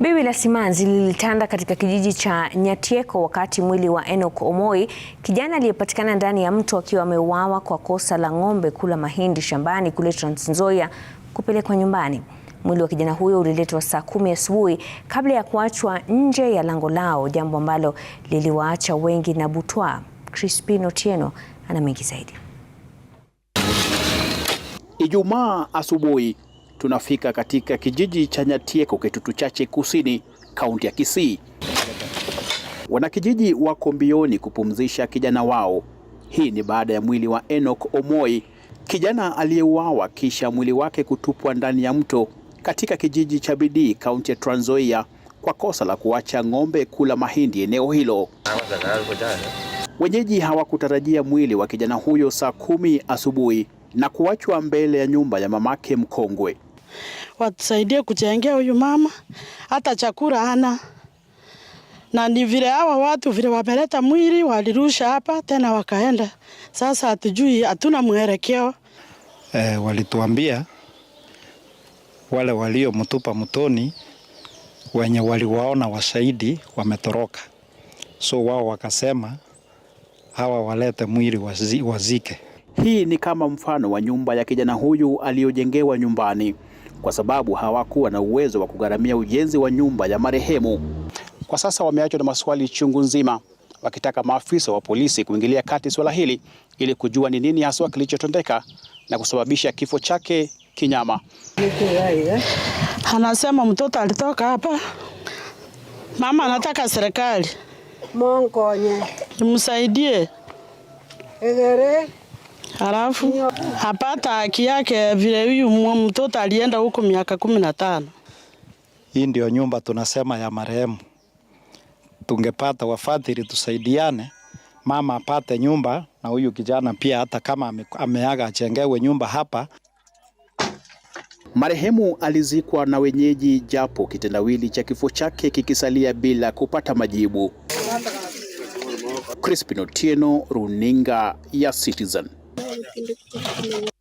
Biwi la simanzi lilitanda katika kijiji cha Nyatieko wakati mwili wa Enoch Omoi, kijana aliyepatikana ndani ya mto akiwa ameuawa kwa kosa la ng'ombe kula mahindi shambani kule Trans Nzoia, kupelekwa nyumbani. Mwili wa kijana huyo uliletwa saa kumi asubuhi kabla ya kuachwa nje ya lango lao, jambo ambalo liliwaacha wengi na butwa. Crispin Otieno ana mengi zaidi. Ijumaa asubuhi tunafika katika kijiji cha Nyatieko, Kitutu Chache Kusini, kaunti ya Kisii. Wanakijiji wako mbioni kupumzisha kijana wao. Hii ni baada ya mwili wa Enoch Omoi, kijana aliyeuawa kisha mwili wake kutupwa ndani ya mto katika kijiji cha Bidii, kaunti ya Trans Nzoia kwa kosa la kuacha ng'ombe kula mahindi eneo hilo. Wenyeji hawakutarajia mwili wa kijana huyo saa kumi asubuhi na kuachwa mbele ya nyumba ya mamake mkongwe watusaidie kuchengea huyu mama, hata chakula hana. Na ni vile hawa watu vile wameleta mwili walirusha hapa tena wakaenda. Sasa hatujui, hatuna mwelekeo. E, walituambia wale waliomtupa mtoni wenye waliwaona washahidi wametoroka, so wao wakasema hawa walete mwili wazike. Hii ni kama mfano wa nyumba ya kijana huyu aliyojengewa nyumbani kwa sababu hawakuwa na uwezo wa kugharamia ujenzi wa nyumba ya marehemu. Kwa sasa wameachwa na maswali chungu nzima, wakitaka maafisa wa polisi kuingilia kati suala hili ili kujua ni nini haswa kilichotendeka na kusababisha kifo chake kinyama. Anasema mtoto alitoka hapa, mama anataka serikali mongonye imsaidie egere halafu hapata haki yake vile huyu mtoto alienda huko miaka kumi na tano. Hii ndio nyumba tunasema ya marehemu. Tungepata wafadhili tusaidiane, mama apate nyumba na huyu kijana pia, hata kama ameaga achengewe nyumba hapa. Marehemu alizikwa na wenyeji, japo kitendawili cha kifo chake kikisalia bila kupata majibu. Crispin Otieno, runinga ya Citizen. 哎，真的可以。